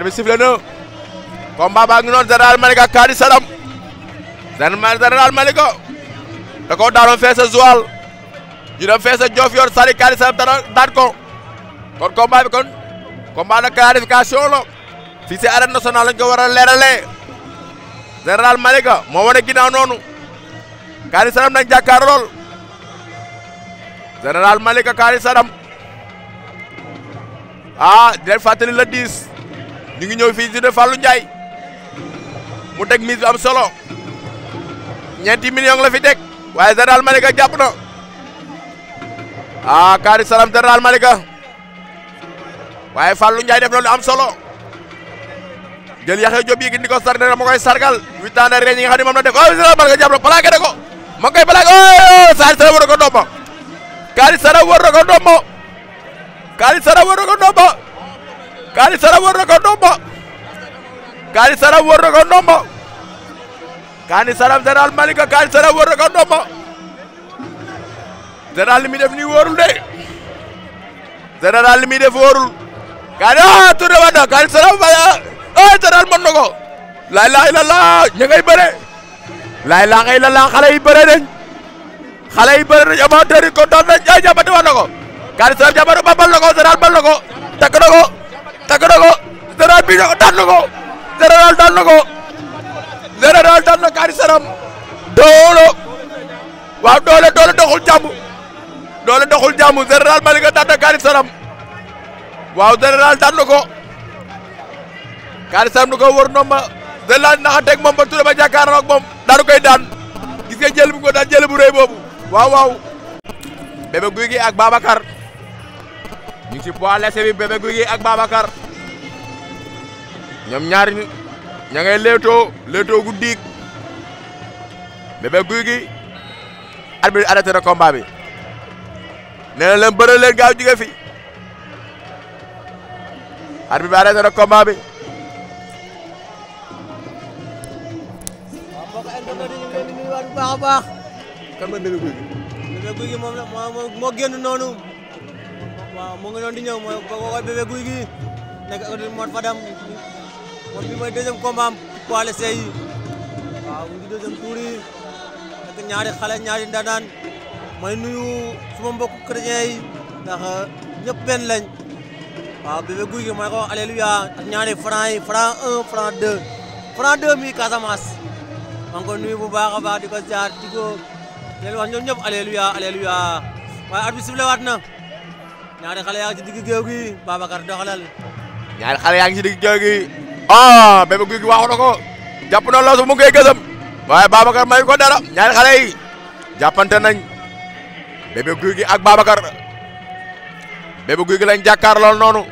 arbitre sifflé na combat baa ngi noonu Général Malika Kady Sadam Général Malika da koo daanoon fee sa Joal ñu dem fee sa sari Kady Sadam dara daan ko kon combat bi kon combat de clarification la fii si arène nationale lañ ko war a leeralee Général Malika moo wane ginnaaw noonu Kady Sadam nañ jàkkaar lool Général Malika Kady Sadam ah di leen fàttali la 10 ñu ngi ñëw fii ci Fallou Ndiaye mu teg mise am solo ñeenti million la fi teg waaye Général Malika jàpp na ah kaari salam Général Malika waaye Fallou Ndiaye def am solo jël Yaxya Diop yi ni ko sar ne ma koy sargal huit ans de reen yi nga xam ne moom la def oh Général Malika jàpp na plaqué na ko ma koy plaqué oh Kaari Salam war na ko domba Kaari Salam war na ko domba Kaari Salam war na ko domba Kaali Sara war na ko ndombo Kaali Sara war Malika Kaali Sara war na ko ndombo Général li muy def nii wóorul de ah, na Kaali Sara baya ah Général na ko laay laay la laa ña ngay laay laa ngay la laa xale yi bëre nañ xale yi bëre nañ amateur yi kontaan nañ ko Kaali Sara jàppante ba bal na ko Général bal na ko takk na ko tàgg na ko général bi na ko daan na ko général daan na doolo waaw doole doole doxul jàmm doole doxul jàmm général Malika daan na kaari saram waaw général daan na ko kaari saram du ma général naxanteeg moom ba ture ba jàkkaarloo ak moom daanu koy daan gis jël bu ko jël bu boobu waaw waaw bébé guy gi ak Babacar ñu ngi ci poids léger bi Bébé ak Babacar ñoom ñaar ña ngay leetoo leetoo gu diig Bébé Gouy Gui arbitre bi arrêté na na leen bëre leen gaaw jóge fi arbitre bi arrêté na combat bi baax a baax kan moo génn noonu waaw mu ngi noonu di ñëw mooy bébé guy gi nekk ak Modou Fadam moom bi mooy deuxième combat am poids léger yi waaw mu ngi deuxième ñaari xale ñaari ndanaan may nuyu suma mbokku chrétien yi ndax euh, ñëpp benn bébé guy gi mooy ko wax ñaari franc yi franc un franc deux franc deux mi Casamance maa nuyu bu baax a di ko ziar di ko leen wax ñoom ñëpp waaye arbitre bi waat na ñaari xale yaa ngi ci digg géew gi Babacar ñaari xale yaa ngi ci digg géew gi ah Bébé Gouy Gui waxu ko jàpp na loosu mu ngi koy gësam waaye Babacar may ko dara ñaari xale yi jàppante nañ Bébé Gouy ak Babacar Bébé Gouy Gui lañ jàkkaarlool noonu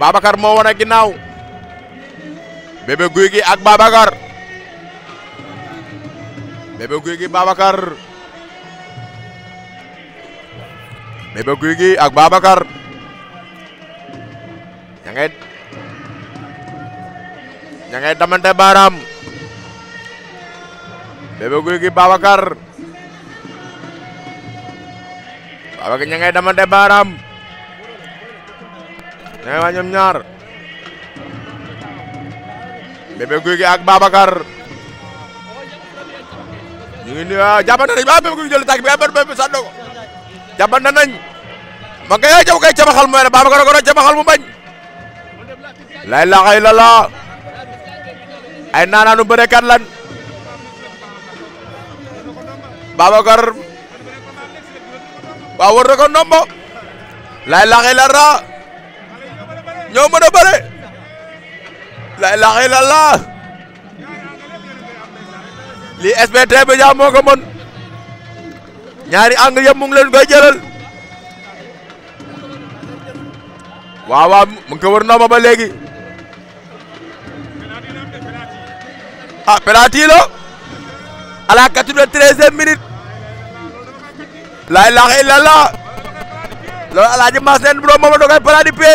Babacar moo wane ginnaaw Bébé Gouy Gui ak Babacar Bébé Gouy Gui Bébé Gouy Gui ak babakar ña ngay ña ngay damante baaraam Bébé Gouy Gui Babacar Babacar ña ngay damante baaraam ña waa ñoom ñaar Bébé Gouy Gui ak Babacar ñu ngi nuyu jàppante nañu ba ah, Bébé Gouy Gui jël tànk bi ba ah, ba sànni ko jabanda nañ ma nga yaa jaw kay cabaxal mu wene Babacar Ngor cabaxal mu bañ lay laxay lala ay naanaanu bërekat lan Babacar waaw war na ko ndombo lay laxay lala ñoo mën lay laxay lala lii SBT bi jaa moo ko ñaari angle yëpp mu ngi leen koy jëlal waaw waaw wër ndomba ba léegi ah penalty la à la quatre-vingt-treizième minute laa ilaaha illallah loolu alaaji mas neen borom mooma dokoy penalty pe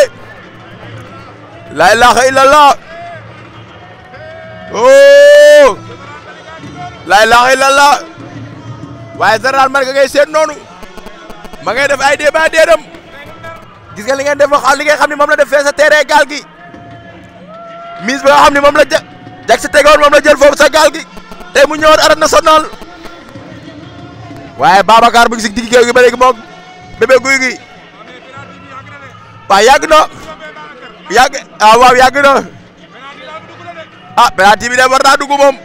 laa ilaaha illallah oh laa ilaaha illallah waaye général Malika ngay seet noonu ma ngay def ay débat déedam gis nga li ngeen def li nga xam ne moom la def fee sa terrain gaal gi mise ba nga xam ne moom la ja jag si tegoon moom la jël foofu sa gaal gi tey mu ñëwoon na nationale waaye Babacar bu ngi si digg géew gi ba léegi moom bébé guy gi waaw yàgg na yàgg ah waaw yàgg na ah penalty bi de war naa dugg moom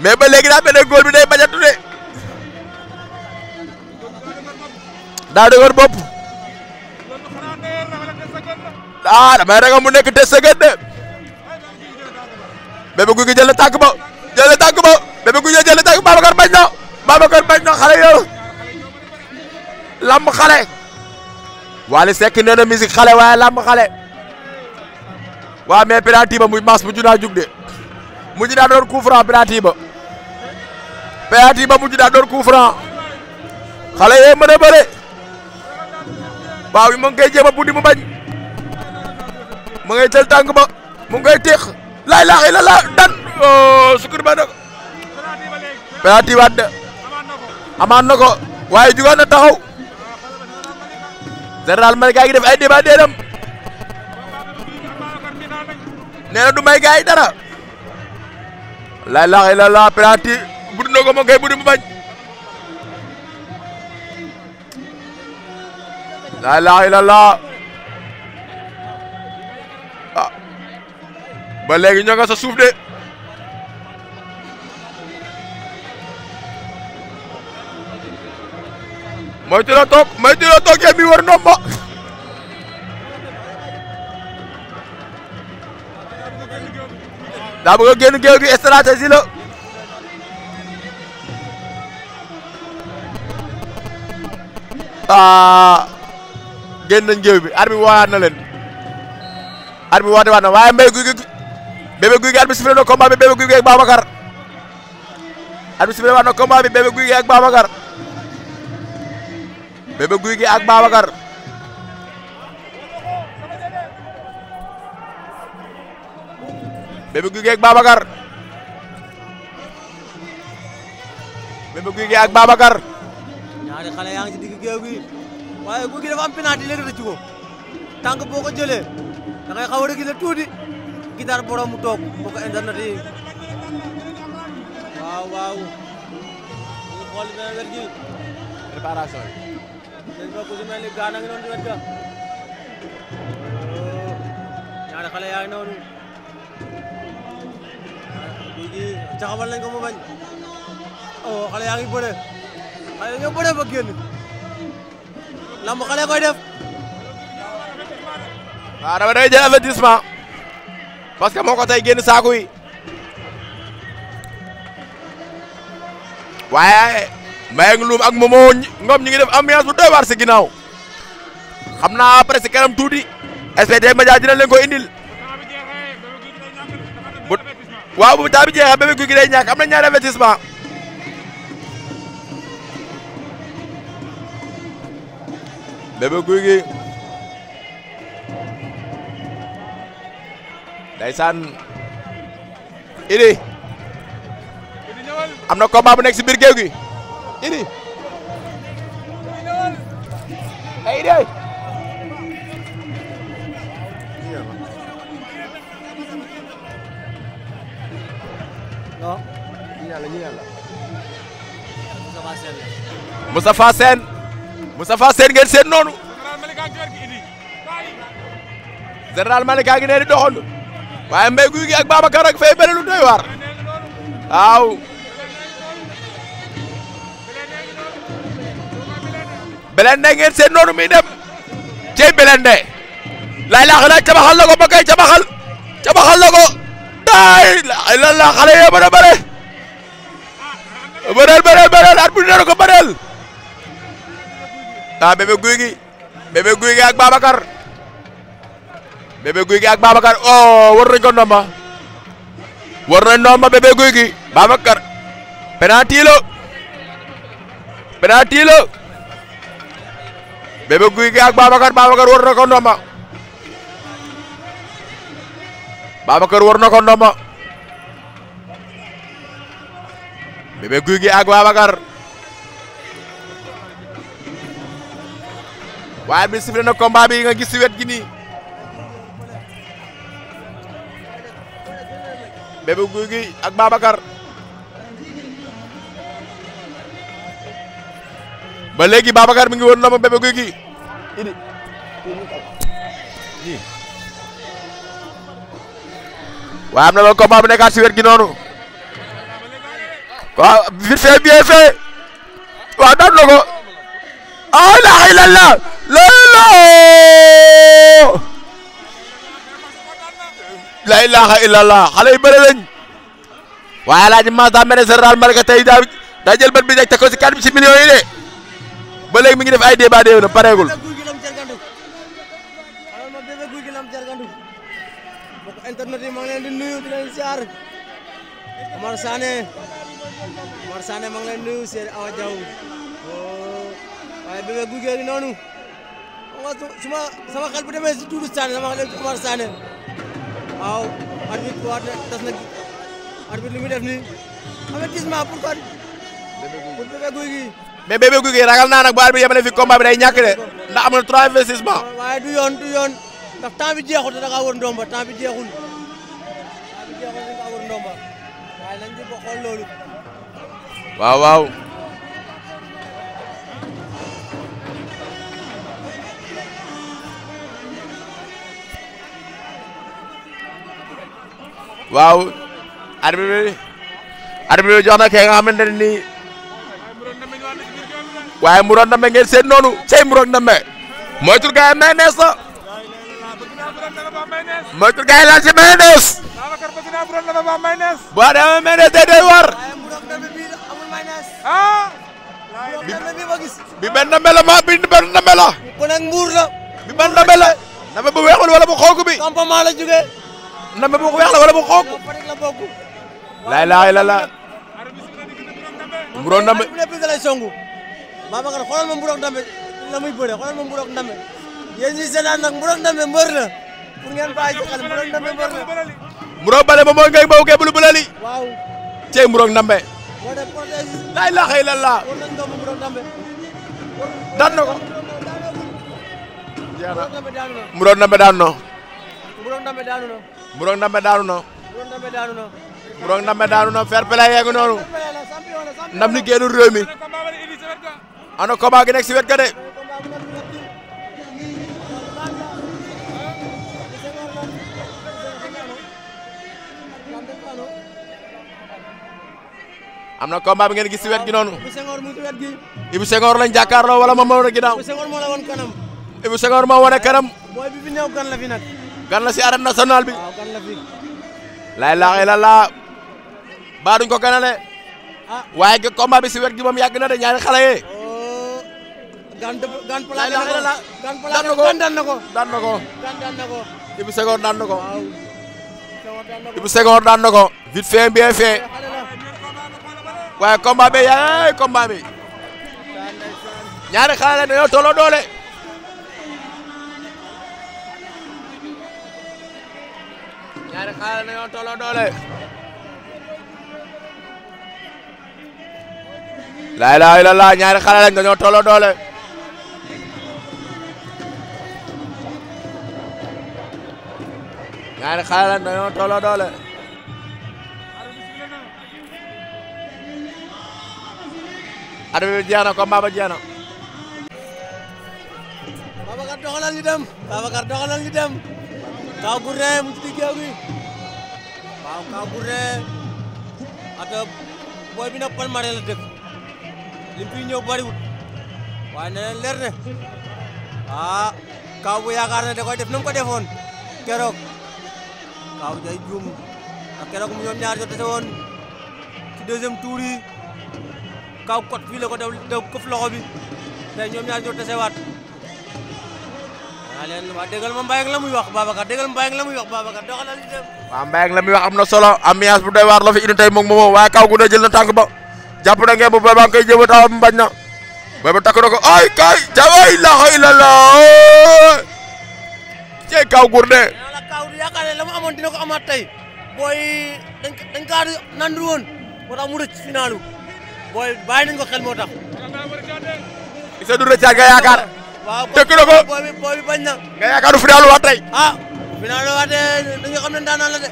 mais ba léegi daa benn góol bi day bañ a tuddee daa dëgër bopp ah damay ragal mu nekk te sëgët de Bébé Gouy Gui jël na tànk ba jël na tànk ba Bébé Gouy Gui jël na tànk Babacar bañ na Babacar bañ na xale yow lamb xale Wally Seck nee na musique xale waaye lamb xale waaw mais penalty ba muy mas mujj naa jug de mujj naa doon coup franc penalty ba penalty ba mujj naa doon coup franc xale yee mën a bëre waaw yi mu ngi koy jéem a buddi mu bañ mu ngay jël tàng ba mu ngay teex laay laaxee la laa dan oh, sukkur ba nag penalty waat de amaat na ko waaye jugaan na taxaw général Malika ngi def ay débat déedam nee du may gaay dara laay laaxee la laa buddi na ko mu ngay buddi mu bañ laa ilaaha illallah ah ba léegi ñoo nga sa suuf de moytu la toog moytu la toog yéen war ndombo daa bëgg a génn géew gi stratégie génn nañ géew bi arbitre bi waat na leen arbitre bi woote waat na waaye mbay guy gi bébé guy gi arbitre sifflé na combat bi bébé guy gi ak Babacar arbitre sifflé waat na combat bi bébé guy gi ak Babacar bébé guy gi ak Babacar bébé guy gi ak Babacar bébé guy gi ak Babacar ñaari xale yaa ngi ci digg géew gi waaye guy gi dafa am penalty léegi rëcc ko tànk boo ko jëlee da ngay xaw a reculer tuuti guitare borom mu toog boo ko internet yi waaw waaw ñu xool benn wet gi préparation yi ñaari xale yaa ngi noonu guy gi caxabal nañ ko mu bañ o oh, xale yaa lamb xale koy def. waaw dama day jël avertissement parce que moo ko tey génn saako yi waaye Mbayang Loum ak Momo Ngom ñu ngi def ambiance bu doy waar si ginnaaw xam naa après si kanam tuuti SBT Média dina leen ko indil bu waaw bu taa bi jeexee bébé guy gi day ñàkk na ñaari avertissement bébé guy gi ndeysaan idi am na combat bu nekk si biir géew gi idi ay idi ay non Moustapha Sène ngeen seen noonu général Malika gi nee di doxandu waaye mbéy guy gi ak Babacar ak fay beneen lu doy waar waaw Belende ngeen seen noonu muy dem cey Belende lay laa cabaxal na ko ba cabaxal cabaxal na daay la la yee mën a bëre bëreel bëreel bëreel at ko bëreel ah bébé guy gi bébé guy gi ak Babacar bébé guy gi ak Babacar oh war nañ ko ndomba war nañ ndomba bébé guy gi Babacar penalty la penalty la bébé guy gi ak Babacar Babacar war na ko ndomba Babacar war na ko ndomba bébé guy gi ak Babacar waaye bi sifflé na combat bi nga gis si wet gi nii Bébé Gouy Gui ak Babacar ba léegi Babacar mi ngi woon lomb Bébé Gouy Gui idi waaye am na loolu combat bu nekkaat si wet gi noonu waaw vite fait bien fait waaw daan na ko oh Layla. la ilaha illallah xale yu bëri lañ waaye El Hadj Mass daa mel ne général Malika tey daa daa bi nekk teg ko si quatre bi si millions yi de ba léegi mi ngi def ay débat déew yi maa ngi leen di nuyu di leen siyaar Omar oh. waaye bébé Gouye Gui noonu. nga suma sama xel bu demee si Doudou Sané sama xel dem si Omar Sané waaw arbitre waat na tas na arbitre li muy def nii avertissement pour kon pour bébé guy gi mais guy gi ragal naa nag bu arbitre fi combat bi day ñàkk de ndax am na trois investissement waaye du yoon du bi jeexul te da ngaa war ndomba bi jeexul temps waaw arbitre bi arbitre bi jox na xamante ne waaye muroon ndambe ngeen seet noonu cey muroon ndambe moytu gaay may nees la moytu gaay laal ci may nees boo demee war bi benn ndambe bi benn bu nag mbuur la bi benn ndambe bu weexul wala bu xonk ndambe bu weex la wala bu xonk. laay laay la la. mburoog ndambe lépp da lay songu. Babacar xoolal ma mburoog ndambe la muy bëre xoolal ma mburoog ba mooy bulu bulali. waaw. cey mburoog ndambe. moo dem protège. laay la xëy la Mburok Ndambe daanu na. Mburok Ndambe daanu na. Mburok Ndambe daanu na fair play yeegu noonu. ndam li génnul réew mi. ana combat si wet ga de. am na combat bi si wet gi noonu. Ibou Senghor lañ jàkkaarloo wala moom moo woon ginnaaw. Ibou Senghor moo wane kanam. Ibou gan la si bi. waaw gan la la laa baa ko ganale. ah waaye ge combat si wet gi moom yàgg na de ñaari xale yee. Oh, gan dë gan plaqué na ko gan plaqué na ko daan na ko daan na na ko. Ibou Senghor daan ñaari xaala nañoo tolloo doole laa ilaaha illallaah ñaari xaala lañ dañoo tolloo doole ñaari xaala lañ dañoo tolloo doole arbitre bi jeex na combat ba jeex na Babacar doxalal ñu dem Babacar doxalal ñu dem kaw gu rëy mu ci digg gi waaw Kaw Gourdin ata booy bi nag Palmarin la dëkk li ñëw bariwut waaye nee na leer ne ah Kaw bu yaakaar ne da koy def na ko defoon keroog Kaw day juum ak keroog mu ñoom ñaar jot dese woon ci deuxième tour yi kot fii la ko def def këf loxo bi ñoom ñaar jot dese waat naa leen waa déggal ma Mbaye ak la muy wax Babacar déggal ma Mbaye ak la muy wax Babacar doxalal ñu dem. waaw Mbaye ak la muy wax am na solo ambiance bu doy waar la fi indi tey moom moom waaye kaw gu ne jël na tànk ba jàpp na ngeen bu booy ba nga koy jëba taw bañ na booy ba takk na ko ay kay jaway la xëy la la cee kaw gur ne. la kaw yaakaar ne la mu amoon dina ko amaat tey booy dañ ko dañ kaa nandu woon moo tax mu rëcc finalu booy bàyyi nañ ko xel moo tax. Issa du rëccaat nga yaakaar. tëkk na ko booy bi booy bi bañ na. nga yaakaar du final waat tey. ah final waat da la de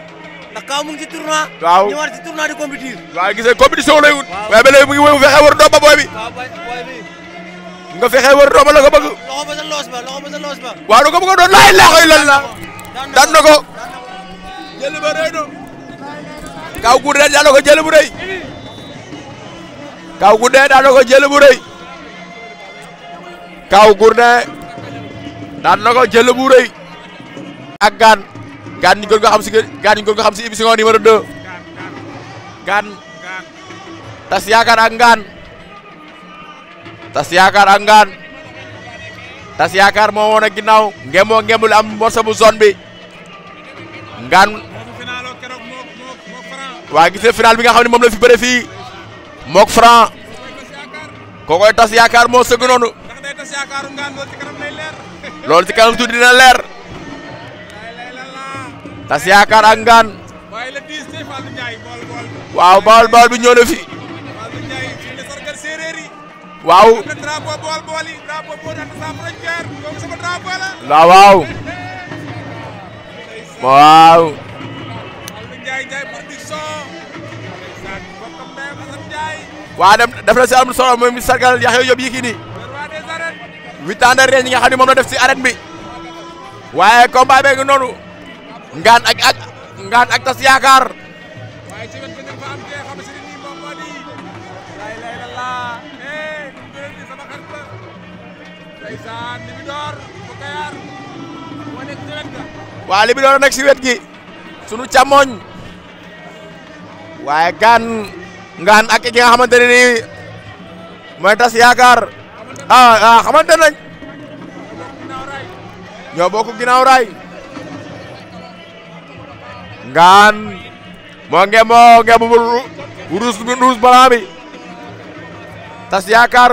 ndax kaw mu ngi si tournoi. waaw ñu war ci tournoi di compétir. waaw gis nga compétition mu ngi wéy mu fexe war doom ba booy bi. waaw booy bi. nga fexe war doom ba la ko bëgg. loxo ba sa loos ba loxo ba ko bëggoon la. daan na ko jël ba rëy na. kaw guddee daan na ko jël bu rëy. kaw guddee daan bu rëy. Kaaw Gourdin daan na ko jël bu rëy ak gaan gaan ñu gën ko xam si gaan ñu waa ko xam si émission tas yaakaar ak ngaan tas yaakaar ak ngaan tas yaakaar moo woon a ginnaaw ngemboo ngembul am morso bu zone bi ngaan waa gis nga final bi nga xam ne moom la fi bëre fii mook franc kookoy tas yaakaar moo sëgg tas ci kanam lay leer. loolu ci dina leer. tas yaakaar ak ngaan. waaye le 10 tey Fallou fi. Fallou la. waaw waaw. waa dem def na si am solo mi sargal Yaxya Jóob Yékini huit ans de ñi nga xam ne moom la def si arène bi waaye combat bee ngi noonu ngaan ak ak ngaan ak tas yaakaar waa li nekk si wet gi sunu càmmoñ waaye gaan ngaan ak ki nga xamante ne nii mooy tas yaakaar ah ah xamante nañ ñoo bokk ginnaaw raay ngaan moo nge moo nge bu bi ruus balaa bi tas yaakaar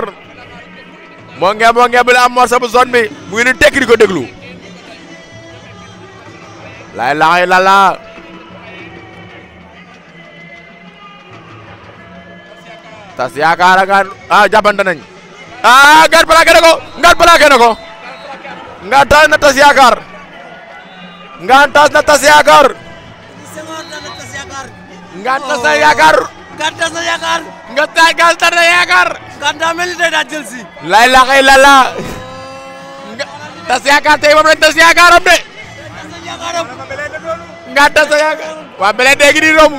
moo nge moo nge bu am morceau bu zone bi mu ngi ni tekki di laay laay la tas yaakaar a ngaan ah jàppante ah ngat plaqué na ko ngat plaqué na ko ngat taas na tas yaakaar ngat taas na tas yaakaar ngat tas na yaakaar ngat tas na yaakaar ngat tas na yaakaar ngat daa mel ni tey tas yaakaar tey moom lañ tas yaakaaram de ngat tas na yaakaar waa dee gi di romb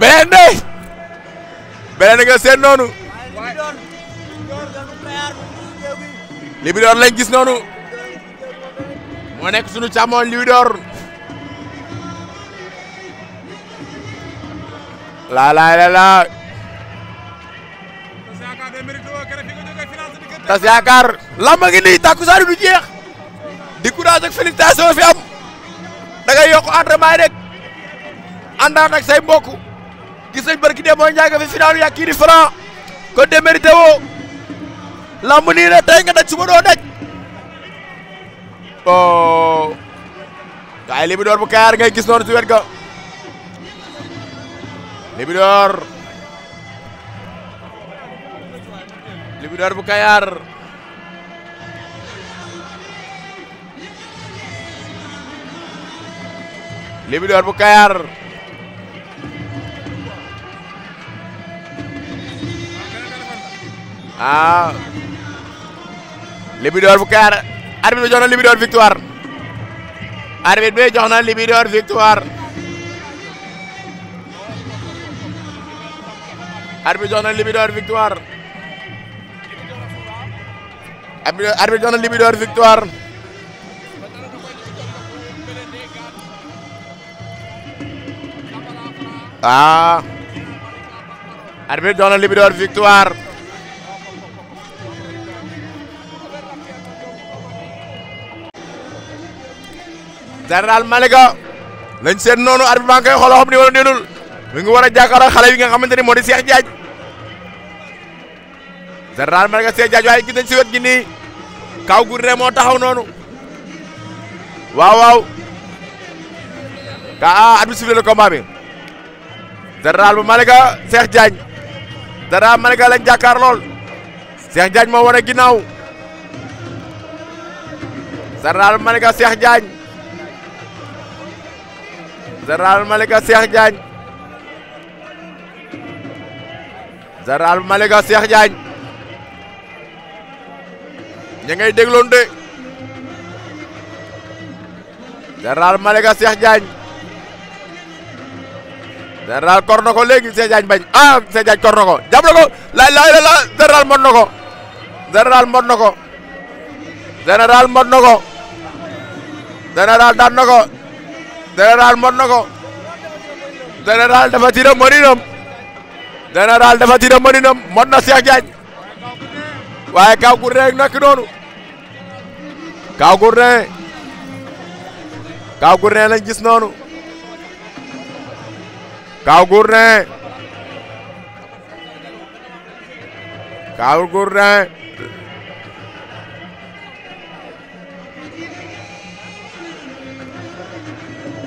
beleen dee beleen nga seen Libidor lañ gis noonu moo nekk sunu càmmoñ Libidor laa laa la laa tas yaakaar lamba ngi nii takkusaan du jeex di courage ak félicitation fi am da ngay yokk entraînement rek àndaat ak say mbokk gis nañ barki demoo Ndiaye nga fi final yaa ko démérité woo lamb nii ne tey nga daj suba doo daj oh gaay Libidor bu Kayar nga gis noonu ci wet ga Libidor Libidor bu Kayar Libidor bu Kayar ah Libidor bu Kayar arbitre bi jox na Libidor victoire arbitre bi jox na Libidor victoire victoire arbitre jox na Libidor victoire victoire ah. général Malika lañ seet noonu arbitre baa ngi koy xooloo ni wala déedul mi ngi war a jàkkaarloo xale yi nga xamante ni moo di Cheikh Diagne général Malika Cheikh Diagne waaye gis nañ wet gi nii kaw gu moo taxaw noonu waaw waaw ka a ah, arbitre sifflé le combat bi général bu Malika Cheikh Diagne général lool Cheikh Diagne moo war a ginnaaw général Malika Cheikh Diagne général Malika Cheikh Diagne général Malika Cheikh Diagne ña ngay dégloon de général Malika Cheikh Diagne général kor na ko léegi Cheikh Diagne bañ ah Cheikh Diagne kor na ko jàpp na ko laay laay la la général mot na ko général mot na na ko général général mot na ko général dafa tiram mëninam général dafa tiram mëninam mot na Cheikh Diagne waaye Kaw Gourdin nak noonu Kaw Gourdin Kaw Gourdin lañ gis noonu Kaw Gourdin Kaw Gourdin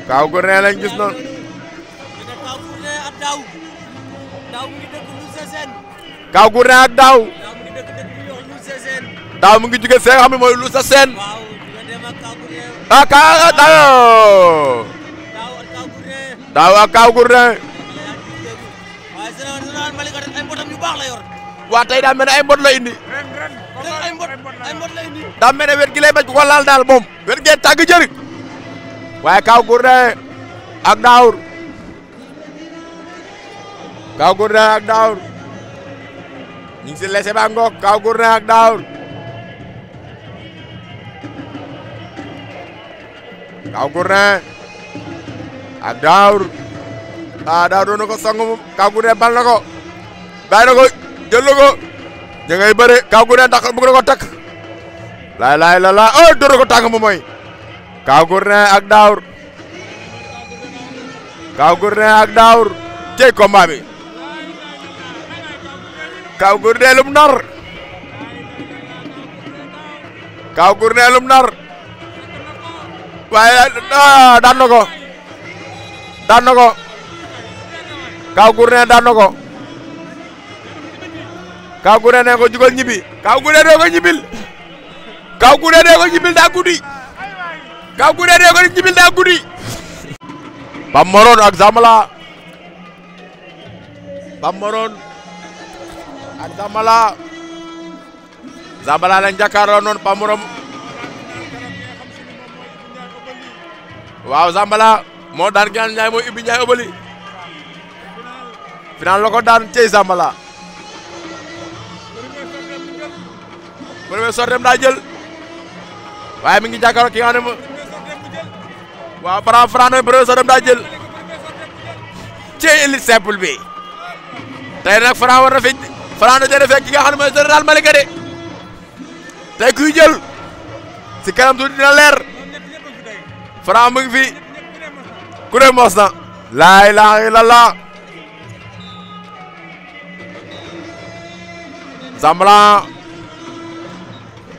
Kaw Gourdin lañ ak Daaw. Daaw mu ngi jóge fee xam ne mooy Luusa Seen. ah Ka ah, Daaw. Daaw ak Kaw Gourdin. waa tey daa mel ne ay mbot la indi. daa mel ne wet gi lay bañ ko daal moom. wet gee tàgg waaye Kaw Gourdin ak Daour Kaw Gourdin ñu ngi si lese ba ngoog Kaw Gourdin ak Daour Kaw Gourdin ak Daour ah Daour doon na ko song moom Kaw Gourdin bal na ko bàyyi na ko jël na ko da ngay bëre Kaw Gourdin dàq bëgg na ko takk laay laay la laa oh dóor na ko tàng moom Kaw Gourdin ak Daawur Kaw Gourdin ak Daawur cey combat bi Kaw Gourdin lum nar Kaw Gourdin lum nar waaye ah, daan na ko daan na ko Kaw Gourdin daan na ko Kaw Gourdin ne ko jugal ñibbi Kaw Gourdin ne ko ñibbil Kaw Gourdin ne ko ñibbil daa guddi Kaw Gourdin dee ko ni jibil daa guddi. Bam Maron ak Zamala. Bam Maron ak Zamala. Zamala lañ jàkkaarloo Bam Maron. waaw Zambala moo daan Gana Ndiaye moo ibbi Ndiaye obali final la ko daan cey Zambala premier sortem daa jël waaye mi ngi jàkkaarloo ki nga xam waaw Franc Franc na bëre soo dem daa jël ci élite simple bi tey war na fi Franc na jëlee fekk ki nga xam ne mooy de tey kuy jël si kanam tuuti dina leer Franc mu ngi fi ku ne mos na laa ilaha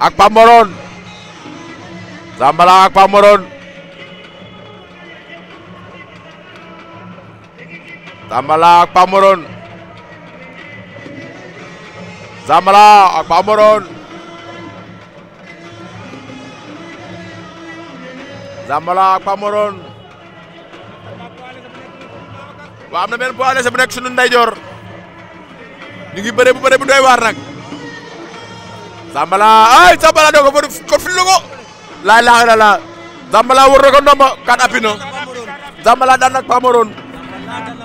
ak Pamborone Zambala ak Pamborone Zambala ak Pape Morone Zambala na benn poids léger bu nekk sunu ndeyjoor ñu ngi bëre bu bëre bu doy nag Zambala ay Zambala doo ko fa ko fil ko laa laa la laa kat appi na daan ak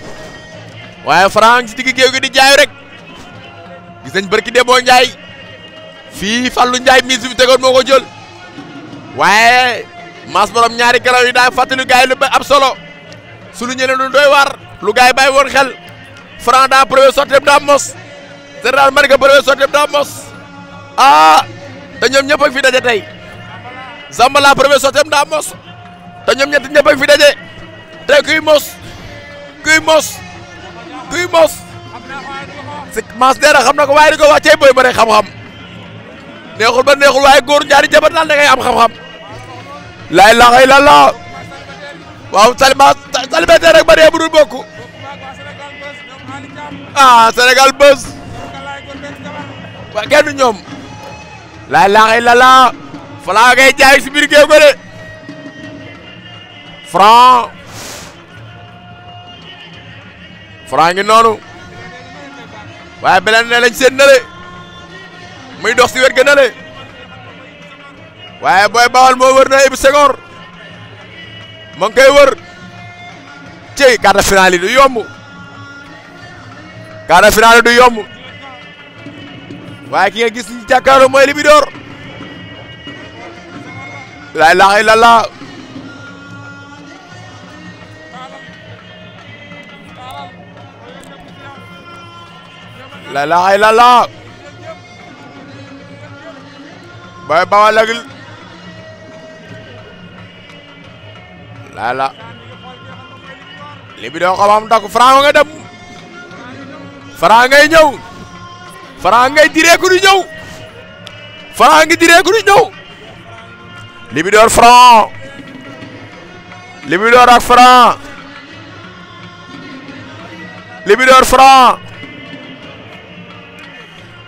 waaye Franc ci digg géew gi di jaay rek gis nañ barki Demba fii Fallou Ndiaye mise bi tegoon moo ko jël waaye Mass Borom ñaari garaw yi daa fàttali gars yi lu am solo su lu ñeneen lu doy waar lu gars yi bàyyi woon xel Franc daa premier sorteem daa mos Général Malika premier sorteem daa mos ah te ñoom ñëpp ak fi daje tey Zambala premier sorteem daa mos te ñoom ñett ñëpp fi daje tey kuy mos kuy mos. kuy mos. si mas dara xam na ko waaye di ko wax cey boy ba xam-xam neexul ba neexul waaye góor ñaari jabar daal da ngay am xam-xam. laay laxay la la waaw salima salibataire rek ba dee bu dul bokk ah Sénégal bés wa kenn ñoom laay laxay la la falaa jaay si biir géew ga Franc ngi noonu waaye beneen ne lañ seen nale muy dox si wet ga nale waaye booy bawal moo wër na Ibou Senghor ma ngi koy wër ci quart de finale yi du yomb quart de du yomb waaye ki nga gis ni jàkkaarloo mooy Libidor la ilaha illallah la ilaha illallah Boy Baol ak lala Libidor ko am takk Franc nga dem Franc ngay ñëw Franc ngay diree ku di ñëw Franc ngi diree ku di ñëw Libidor Franc Libidor ak Franc Libidor Franc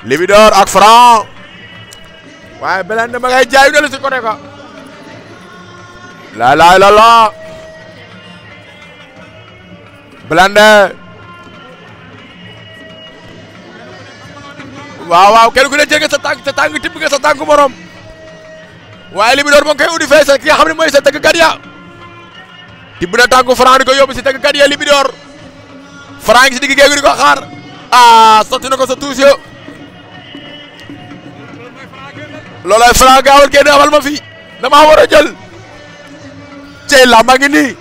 Libidor ak Franc waaye Blindé ma ngay jaay delu ci côté ka la la waaw waaw kenn ku ne jege sa tànk sa tànk tibb nga sa tànk morom waaye Libidor moo ngi koy ki nga xam ne mooy sa tëggkat ya tibb na tànku Franc di ko yóbbu si tëggkat ya Libidor Franc ngi si digg géegu di ko xaar ah sotti na ko sa tuus loolay Franc gaawal génn fi damaa war a jël cey la ma ngi nii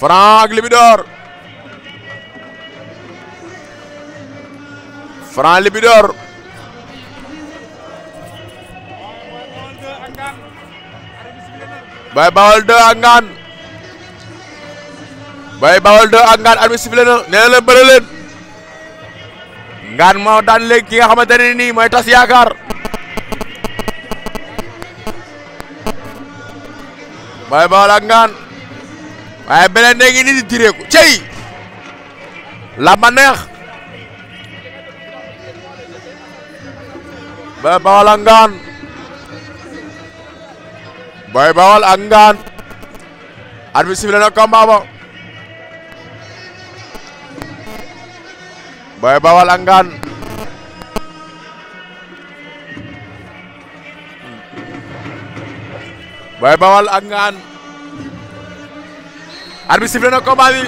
Franc ak Libidor Franc Libidor Baye Bawol 2 ak Ngane Baye Bawol 2 ak Ngane arbitre ngaan moo daan léegi ki nga xamante ne nii mooy tas yaakaar ak ngaan waaye beneen ngi ni di direeku cey lamba neex bay bawol ak ngaan bay bawol ak ngaan arbitre bi sifflé na combat Boy Bawal ak Ngane Boy Bawal ak Ngane arbitre sifflé na combat bi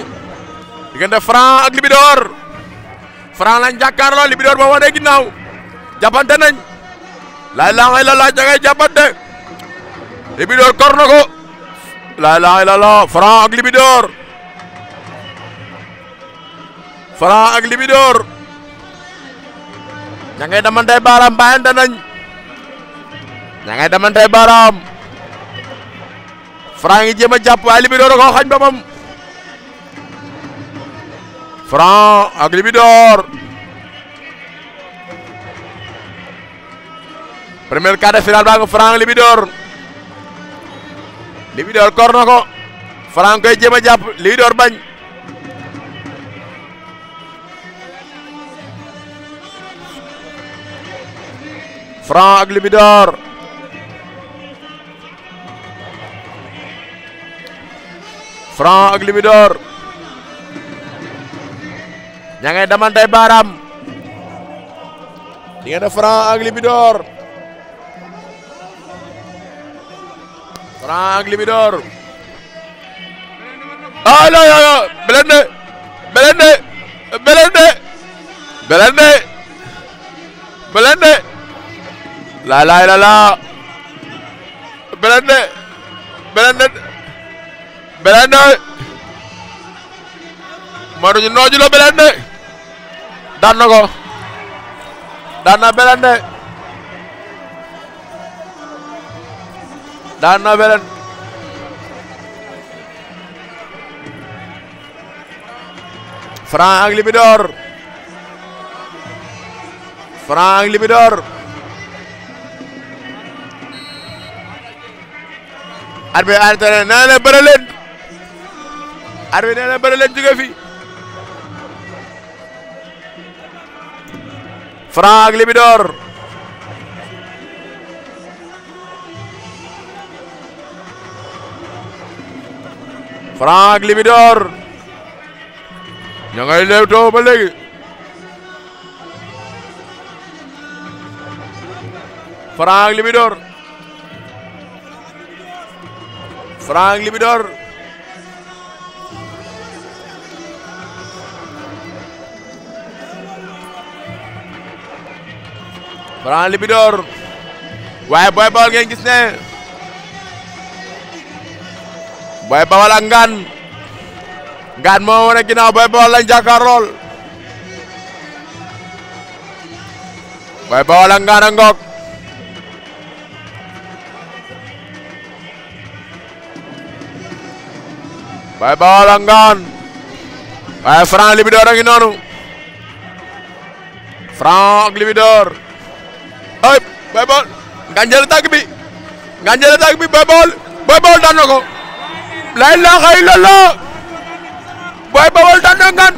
diggante Franc ak Libidor Franc lañ jàkkaarloo Libidor boo wane ginnaaw jàppante nañ laay laa la laa jagay jàppante Libidor kor na ko laay laa la Franc ak Libidor Franc ak Libidor ña ngay damantay baaraam nañ ña ngay damantay baaraam Franc ngi jéem a jàpp waaye ko xañ boppam Franc ak Libidor premier quart de baa nga Franc Libidor Libidor kor na ko Franc koy jéem a bañ Franc ak Libidor Franc ak Libidor ña ngay damantay baaraam di ngeen Franc ak Libidor Franc ak Libidor ah non non non Belende Belende Belende Belende Belende laa laa la laa Blindé Blindé Blindé maruñu nooju la Blindé daan na ko daan na Blindé daan na Blindé Franc ak Libidor Franc ak arbitre arrêté na nee na bëre leen arbitre nee na bëre leen jóge fi Franc ak Libidor Franc ak Libidor ba léegi Franc ak Libidor Franc Libidor Franc Libidor waaye Boy Baol ngeen gis ne Boy Baol moo wane ginnaaw Boy Baol lañ jàkkaarlool Boy Baol ak Ngane Baye Bawol ak Ngane waaye Franc noonu Franc ak Libidor ay Baye Bawol ngànjël tàgg bi ngànjël tàgg bi Baye Bawol daan na ko la ilaha illallah Baye daan na Ngane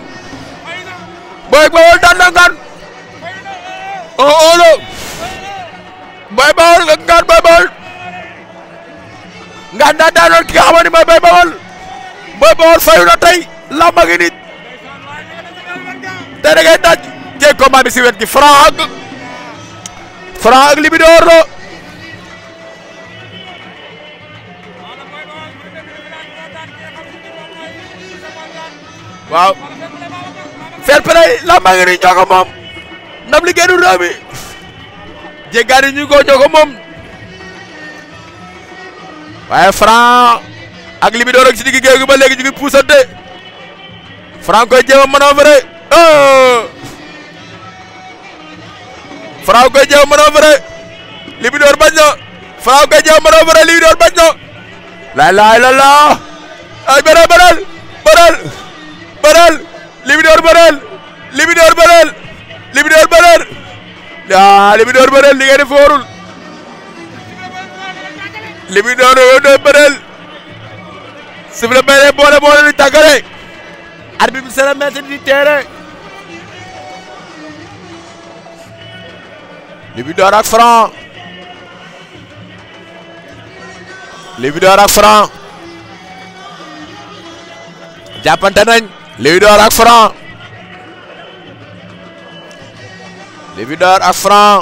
Baye daan na Ngane oolo oh, oh, oh. Baye Bawol ak Ngane Baye Bawol ki nga xamante ni Boy Baol fayu na tey làmba ngi te da daj jéeg combat si wet gi Franc ak Libidor la waaw fair play làmba ngi nit ñoo ko moom ndam li génnul réew mi jéggaani ñu ko moom waaye Franc ak Libidor ak ci digg géew gi ba léegi ñu ngi puusante Franc koy jéem a manœuvrer oh! Franc koy jéem a manœuvrer Libidor bañ na Franc koy jéem a manœuvrer Libidor bañ na la la la la ay bëral bëral bëral bëral Libidor bëral Libidor bëral Libidor bëral ah, sifle bay lay boole boole di tàggale arbitre bi sera maître di teere Libidor ak Franc Libidor ak Franc jàppante nañ Libidor ak Franc Libidor ak Franc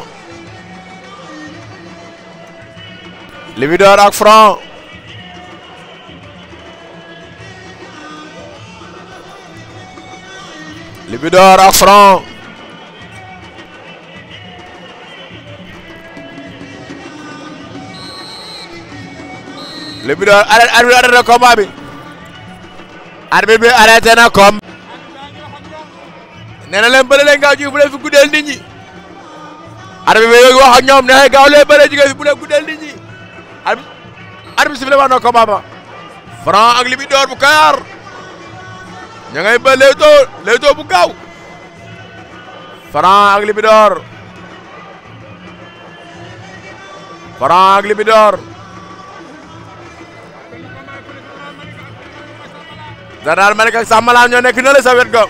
Libidor ak Franc Libidor ak Franc Libidor arrêté arbitre arrêté na combat bi arbitre bi arrêté na combat nee leen bëri leen gaaw ji bu leen fi guddeel nit ñi arbitre bi yooyu wax ak ñoom gaaw leen bëri jigéen bu leen guddeel nit ñi arbitre arbitre sifflé na combat ba Franc ak Libidor bu Kayar ña ngay ba léewtoo léewtoo bu gaaw Franc ak Libidor Franc ak Libidor Général Malika ak Sambala ñoo nekk na sa wet ga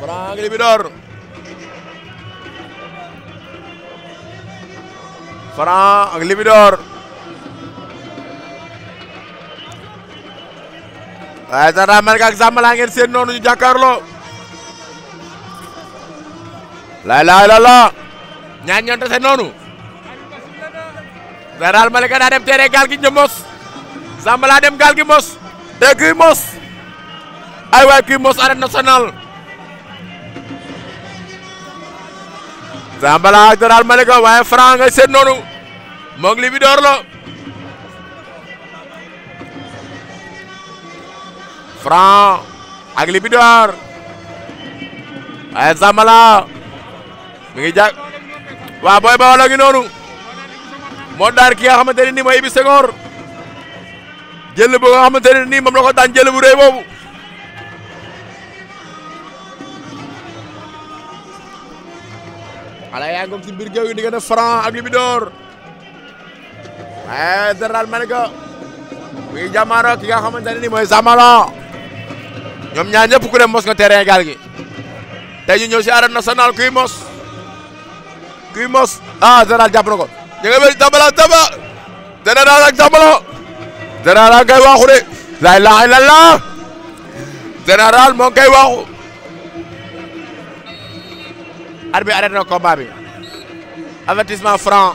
Franc ak Libidor Franc ak Libidor waaye Zara Malika ak Zambala ngeen seen noonu ñu jàkkaarloo laay laay la la ñaar ñoom tase noonu Zara daa dem teere gaal gi ñu dem gaal gi mos mos ay waay kii mos arène nationale Zambala ak Zara Malika waaye Franc ngay seen noonu moog li bi Franc ak Libidor waaye Zambala mi ngi jag waaw booy ba wala ngi noonu moo daar ki nga xamante ne nii mooy Ibi Senghor jël bu nga xamante ne nii moom la ko daan jël bu rëy boobu ala yaa ngi ci biir géew gi diggante mi ngi jàmmaaroo ki nga xamante ne nii mooy Zambala ñoom ñaar ñëpp ku dem mos gaal gi tey ñu ñëw si kuy mos kuy mos ah général jàpp na ko ñu nga wéy dambala ak dambala général ak ngay waaxu de la ilaha illallah général moo ngay waaxu ar bi arrêté na combat bi avertissement franc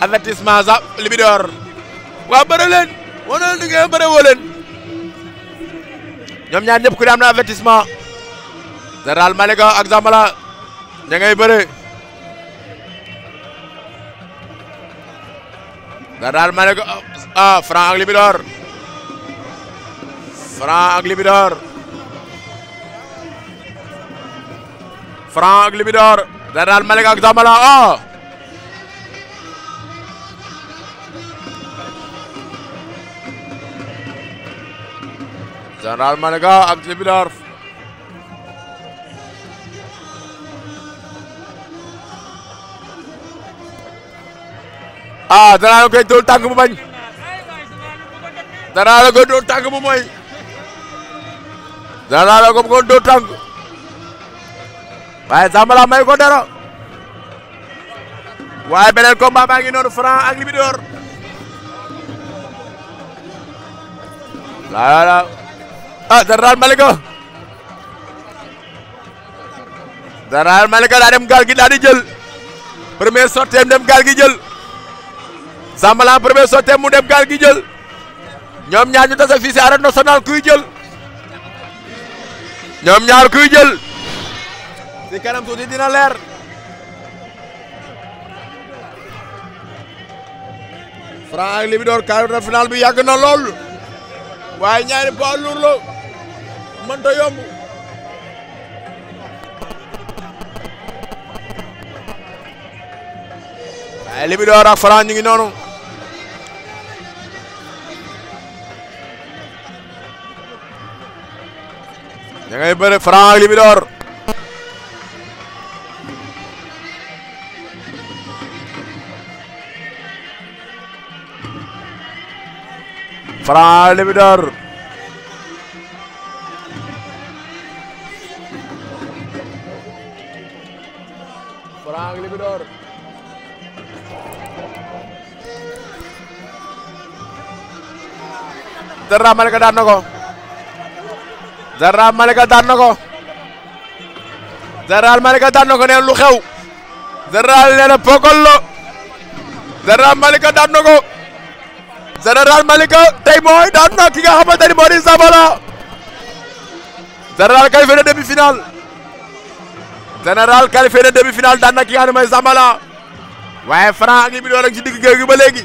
avertissement waa bëre leen moo ne li ngeen bëre ñoom ñaar ñëpp ku ne am na avertissement Général Malika ak Zambala ña ngay bëre Général Malika ah, ah Franc ak Libidor Franc ak Libidor Franc ak général Malika ak Libidor ah général koy dóor tànk bu bañ général koy dóor tànk bu mooy général ko ko dóor waaye Zambala may ko dara waaye beneen combat baa noonu Franc ak Libidor la la la ah Général Malika Général Malika daa dem gaal gi jël premier sotteem dem gaal jël Zambala premier sotteem mu dem gaal gi jël ñoom ñaar ñu tase fii si arène kuy jël ñoom ñaar kuy jël si kanam tuuti dina leer Franc ak Libidor quart de finale bi yàgg na lool waaye ñaari poids lourd la mënta yomb waaye Libidor ak Franc ñu ngi noonu ña ngay bëre Franc ak Libidor Franc Zara Malika daan na ko Zara Malika daan na Malika daan na ko neen nee na pokol la Malika daan na Malika tey mooy daan ki nga xamante ni moo di Sabala Zara qualifié na demi-finale Général qualifié na demi-finale daan ki nga xam ne mooy Sabala waaye Franc ngi mi doon rek ci digg géew gi ba léegi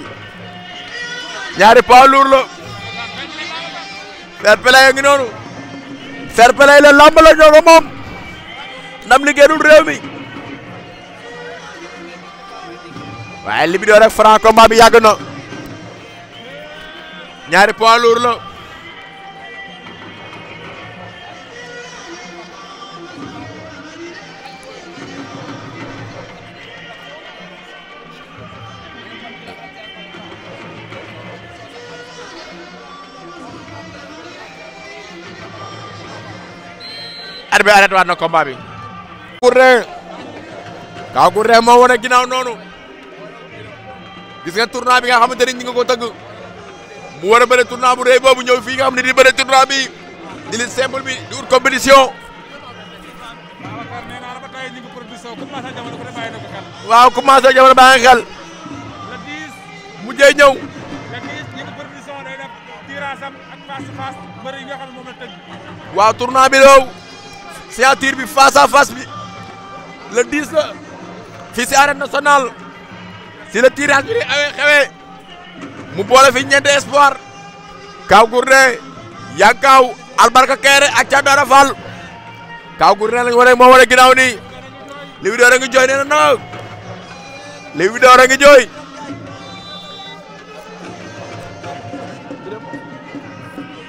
ñaari poids lourd la fair play a ngi noonu fair moom ndam li génnul réew mi waaye Libido rek Franc combat bi yàgg ñaari poids lourd la arbitre bi arrêté waat na combat bi. Gourdin Kaw Gourdin moo wane ginnaaw noonu gis nga tournoi bi nga xamante ni ñu ngi ko tëgg mu war a bëri tournoi bu rëy boobu ñëw fii nga xam ne di bëri tournoi bi di li bi di ut compétition. waaw commencé jamono baa nga xel mujjee ñëw waaw tournoi bi loow signature bi face à face bi le 10 la fii si arène si le tirage bi di awee mu boole fi ñeenti espoir Kaw Gourdin Yankaaw Albarka Kéré ak Thiatou Daouda Fall Kaw Gourdin lañ waree moo waree ginnaaw nii Libidor a ngi jooy nee na na Libidor a ngi jooy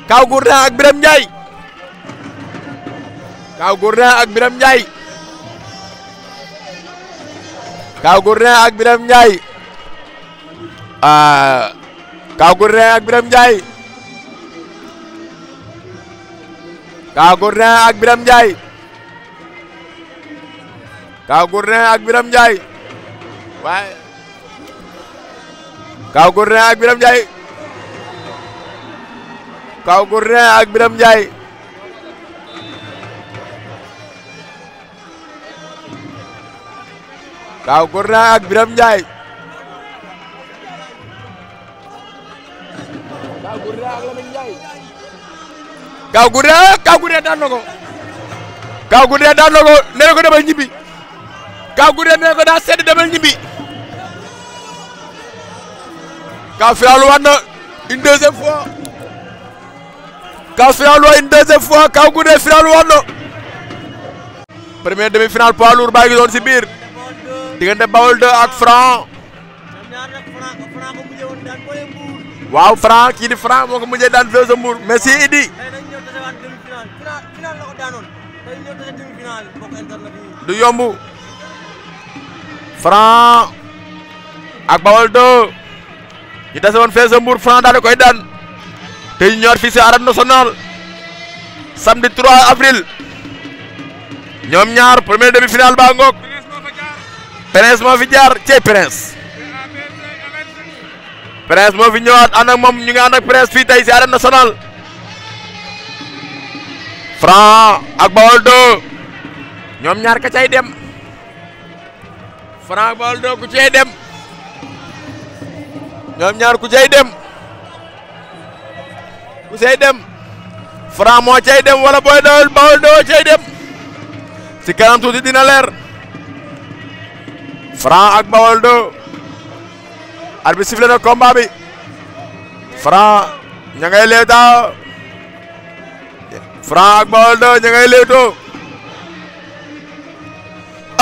Kaw Gourdin ak Birame Ndiaye Kaw Gourdin ak Biram Ndiaye Kaw Gourdin ak Biram Ndiaye ah Kaw Gourdin ak Biram Ndiaye Kaw Gourdin ak Biram Ndiaye Kaw Gourdin ak Biram Ndiaye waaye Kaw Gourdin ak Biram Ndiaye Kaw Gourdin ak Biram Ndiaye waaw Corona ak Birame Ndiaye. Kaw Gourdin ak Lamine Ndiaye. Kaw Gourdin Kaw Gourdin daan na ko. Kaw Gourdin daan na ko nee na ko demal ñibbi. Kaw Gourdin nee na ko daa sedd demal ñibbi. Kaw Fiala waat na une deuxième fois. Kaw Fiala waat une deuxième fois baa ngi doon biir. diggante Bawol 2 ak Franc waaw Franc kii di Franc moo ko mujjee daan Boy Mbour merci Idi du yomb Franc ak Bawol 2 ñu tase woon fee sa Mbour Franc koy daan te ñu ñëwaat fii si arène nationale samedi avril ñoom ñaar premier demi-finale baa Prince moo fi jaar cey Prince Prince moo fi ñëwaat ànd ak moom ñu ngi ànd Prince fii tey si arène nationale Franc ak Baol 2 ñoom ñaar ka cay dem Franc ak Baol 2 ku cay dem ñoom ñaar ku cay dem ku cay dem Franc moo cay dem wala booy dawal Baol 2 cay dem si kanam tuuti dina leer Franc ak Baol 2 arbitre sifflé na combat bi Franc ña ngay leeta Franc ak Baol 2 ña ngay leetoo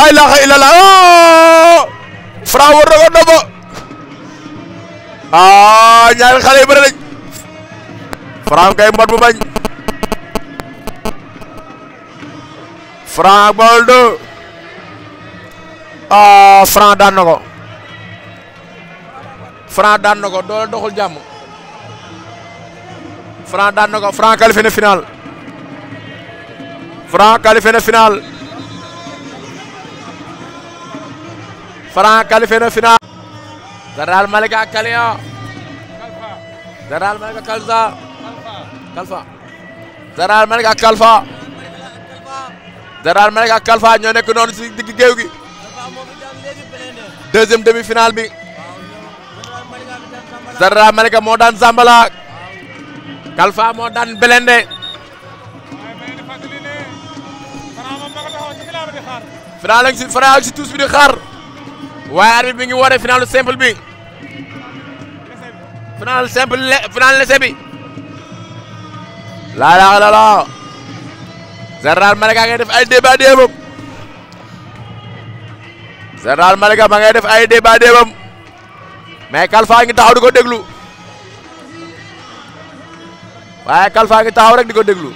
ay laxa ila la oh! Franc war na ko ndombo ah ñaari xale yu bëri lañ Franc kay mbot bu bañ Franc ak Baol 2 Ah, Franc daan na ko doole doxul jàmm Franc daan na ko Franc qualifié na final Franc qualifié na final Franc qualifié na final Général Malika Kalian Général Malika Kalza Kalfa Général Malika Kalfa Général Malika noonu ci digg géew deuxième demi-finale bi Général Malika moo daan Zambala Kalfa moo daan Belende final ak si final bi di xaar waaye arbitre bi ngi woote finalu simple bi final simple le final lese bi laa laa la la Général Malika ngay ay al Malika ma ngay def ay débat débam mais Kalfa ngi taxaw di ko déglu waaye Kalfa ngi taxaw rek di ko déglu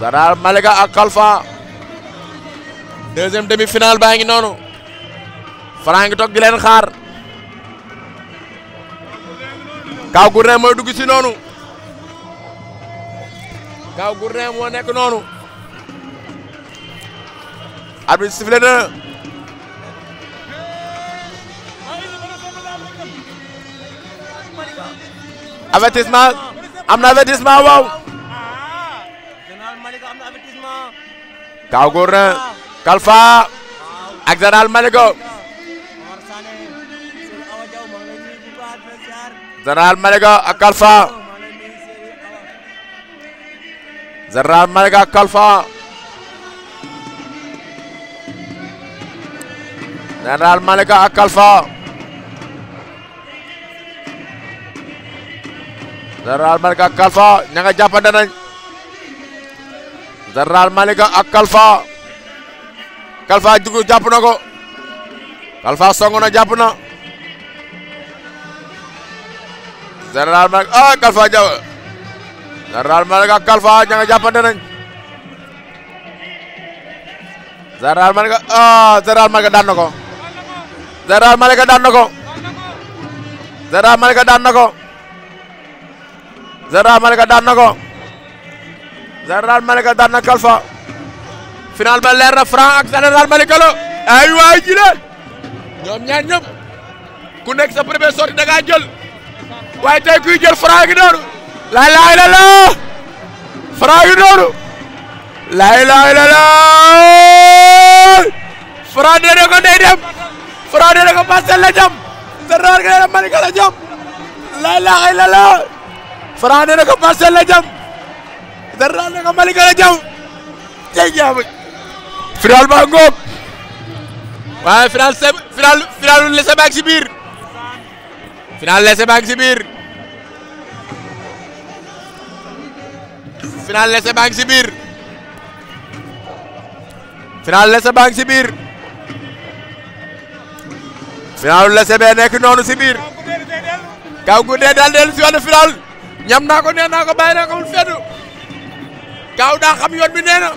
Général Malika ak Kalfa deuxième demi-finale baa ngi noonu Franc ngi toog di leen xaar Kaw dugg si noonu Gaaw Gourdin moo nekk noonu. arbitre sifflé na. am na avertissement waaw. Gaaw Gourdin Kalfa ak Général Malika. Général Malika ak Kalfa. General Malika Kalfa General Malika ak Kalfa Malika ak Kalfa ña nga jàppante Malika ak Kalfa Kalfa dugg jàpp na ko Kalfa song na jàpp na Malika ah Kalfa jàpp Général Malika ak Kalfa ña nga jàppante nañ Général Malika ah Général Malika daan na ko Général Malika daan na ko Général Malika daan na ko Général Malika daan na ko Général Malika daan na Kalfa final ba leer na Franc ak Général Malika la ay waay ji la ñoom ñaar ñëpp ku nekk sa premier sortie da waaye tey kuy jël Franc gi noonu laa ilaaha illallaah Franc yu noonu la jëm Zeror la jëm laa ilaaha illallaah Franc nee na ko Parcelles la jëm Zeror nee na ko Malika la jëm tey jaamu final ba ngoog waaye final final final lees a baag si biir final final lese baa ngi si biir final lese baa ngi si biir final lese nekk noonu si biir Kaw Goundé daal si waat final ñam naa ko nee naa ko bàyyi ko bul feddu Kaw daa xam yoon bi nee na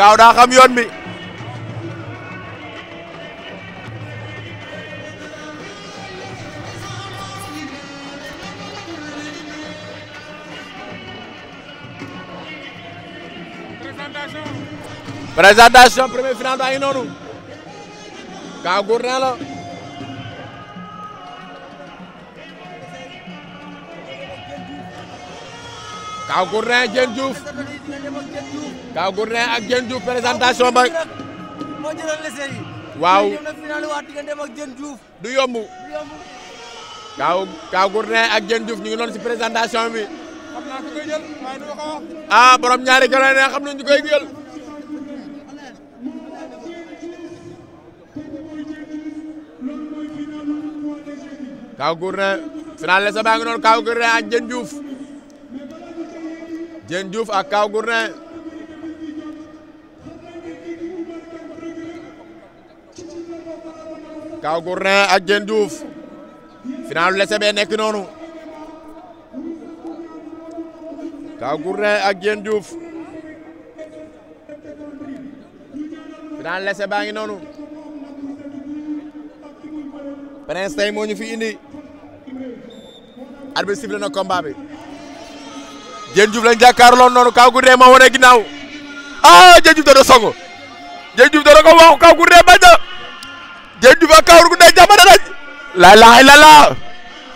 Kaw daa xam yoon bi. présentation premier final ba ngi noonu Ka Gourdin la Ka Gourdin ak Diène Diouf présentation ba waaw du yomb Ka ak Diène Diouf ñu ngi noonu ci présentation bi ah borom ñaari gën a ne xam nañu ñu Kaw Gourdin final la sa baa ngi noonu Kaw Gourdin ak Diène Diouf Diène Diouf ak Kaw Gourdin Kaw Gourdin ak Diène Diouf final la sa bee noonu Kaw Gourdin ak Diène Diouf final la baa ngi noonu Prince tey moo fi indi arbitre sifflé na combat bi Diène Diouf lañ jàkkaarloo noonu Kaw Gourdin moo wane ginnaaw ah Diène Diouf dana songu Diène Diouf dana ko wax Kaw Kaw Gourdin jàppante nañ la ilaha illallah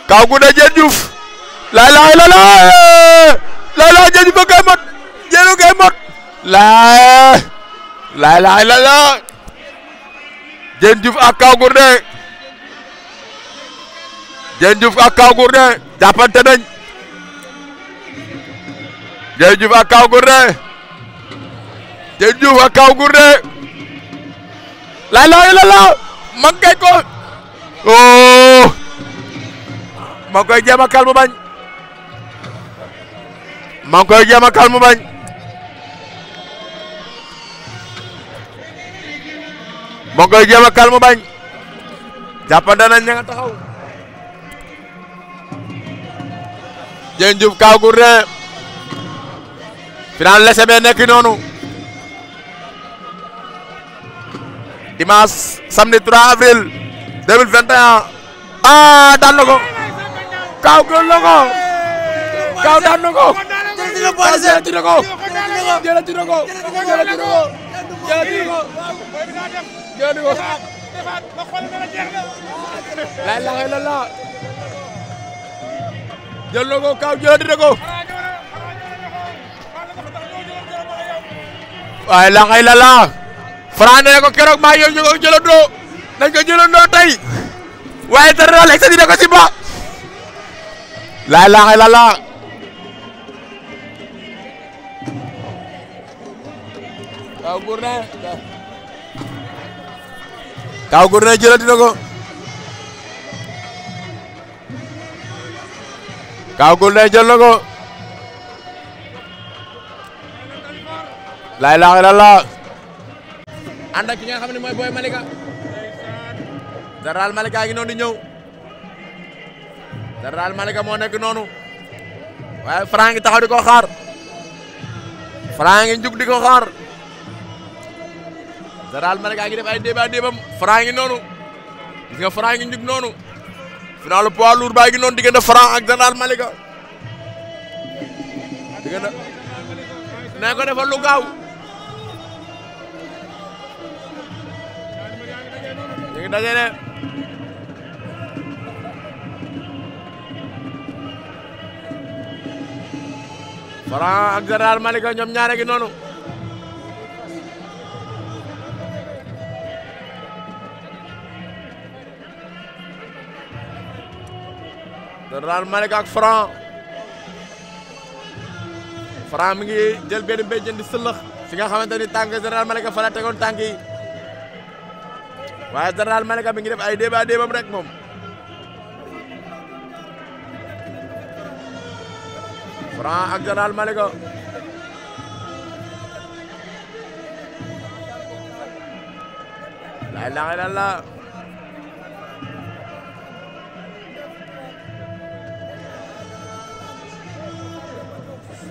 Kaw Gourdin Diène Diouf la ilaha illallah la ilaha Diène Diouf kay mot Diène kay mot la la ilaha illallah Diène Diouf ak Kaw Diène Diouf ak Kaw Gourdin jàppante nañ Diène Diouf ak Kaw Gourdin Diène Diouf ak Kaw Gourdin la la la la ma ngay ko oh ma koy bañ ma koy jéem bañ ma koy jéem bañ jàppante nañ ña nga taxaw Dieng Diouf Kaw Gourdin final lese bee nekk noonu dimanche samedi 3 avril 2021 ah daan Kaw gën Kaw daan na ko Kaw jëlati na ko jël na ko Kaaw jëlati na ko waaye la xay la laa Franc ne ko keroog maa yow ñu ko jëlandoo nañ ko jëlandoo tey waaye dara daal i dina ko si ba laay la xay la laa Kaaw Gourdin Kaaw Gourdin jëlati ko Kaw Gourdin jël na ko. lay laaxi lan laa. ànd ak ki nga xam ne mooy Boy Malika. Général Malika a ngi noonu di ñëw. Général Malika moo nekk noonu. waaye Franc ngi taxaw di ko xaar. Franc ngi jug di ko xaar. Général Malika a ngi def ay débat débam noonu. gis nga Franc ngi noonu. final poids lourd baa ngi noonu diggante Franc ak Général Malika diggante nee ko defal lu gaaw ñu ngi daje ak Général Malika ñoom ñaare gi noonu Général maleka ak Franc Franc mi ngi jël benn béjjën di sëllëx fi nga xamante ni tànk Général Malika fa tegoon tànk yi waaye Général Malika mi ngi def ay débat débam rek moom Franc ak Général Malika laay laay la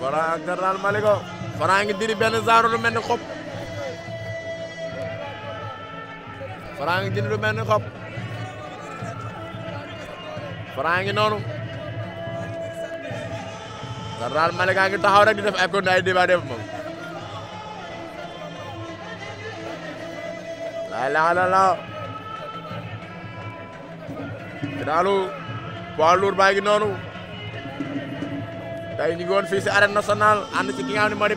Franc ak Général Malika Franc ngi diri benn genre lu mel ni xob Franc ngi diri lu mel ni xob Franc ngi noonu Général Malika ngi taxaw rek di def ay contes ay débat noonu. tey ñu ngi woon fii si arène nationale ànd ki nga xam ne moo di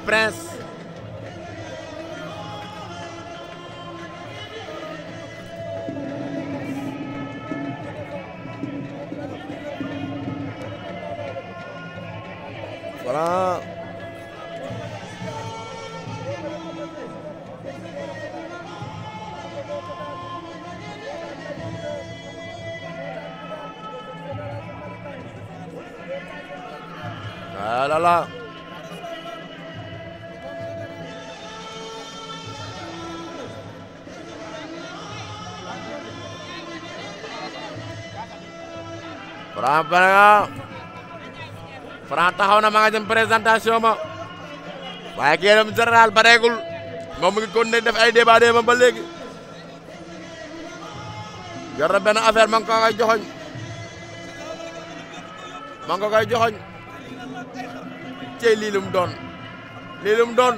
daw na ma nga jëm ma waaye kii dem général bareegul mu ngi continuer def ay débat débat ba léegi yor na benn ma nga joxoñ ma nga joxoñ cey lii doon lii doon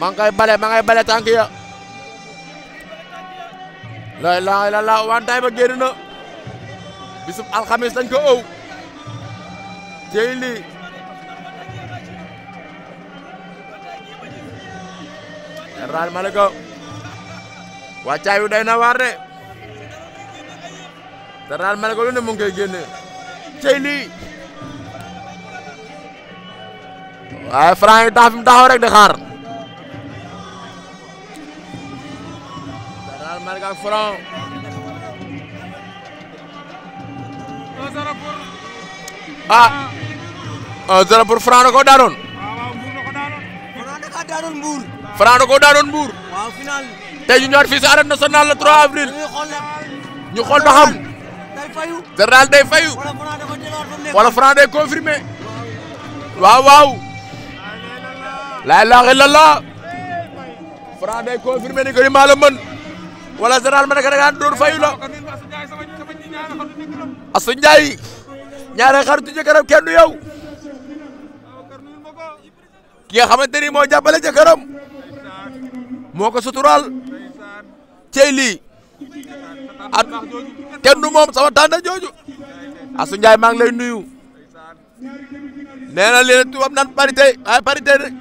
ma nga bale ma ngay bale tànk ya la ilaha illallah wantaay na bisub alxamis lañ ko ëw jeyli général Malika wàccaay wi day na waar de général lu ne mu ngi koy génne Franc yi mu taxaw rek di xaar Franc ah 1-0 ah, pour Franc daanoon. waaw Franc da kaa daanoon Mbour. Franc da koo daanoon Mbour. waaw final. tey ñu xam. day fayu. fayu. wala Franc day confirmé. waaw waaw. laa ilaaha illallaah. Franc day confirmé ni ko ni mën. wala Général ma ne ko doon fayu la. Assou ñaare xaritu jëkkëram kenn du yow ki nga xamante moo jàppale jëkkëram moo ko suturaal cey lii at kenn du moom sama tànda jooju asu njaay maa ngi lay nuyu nee na leen tubaab naan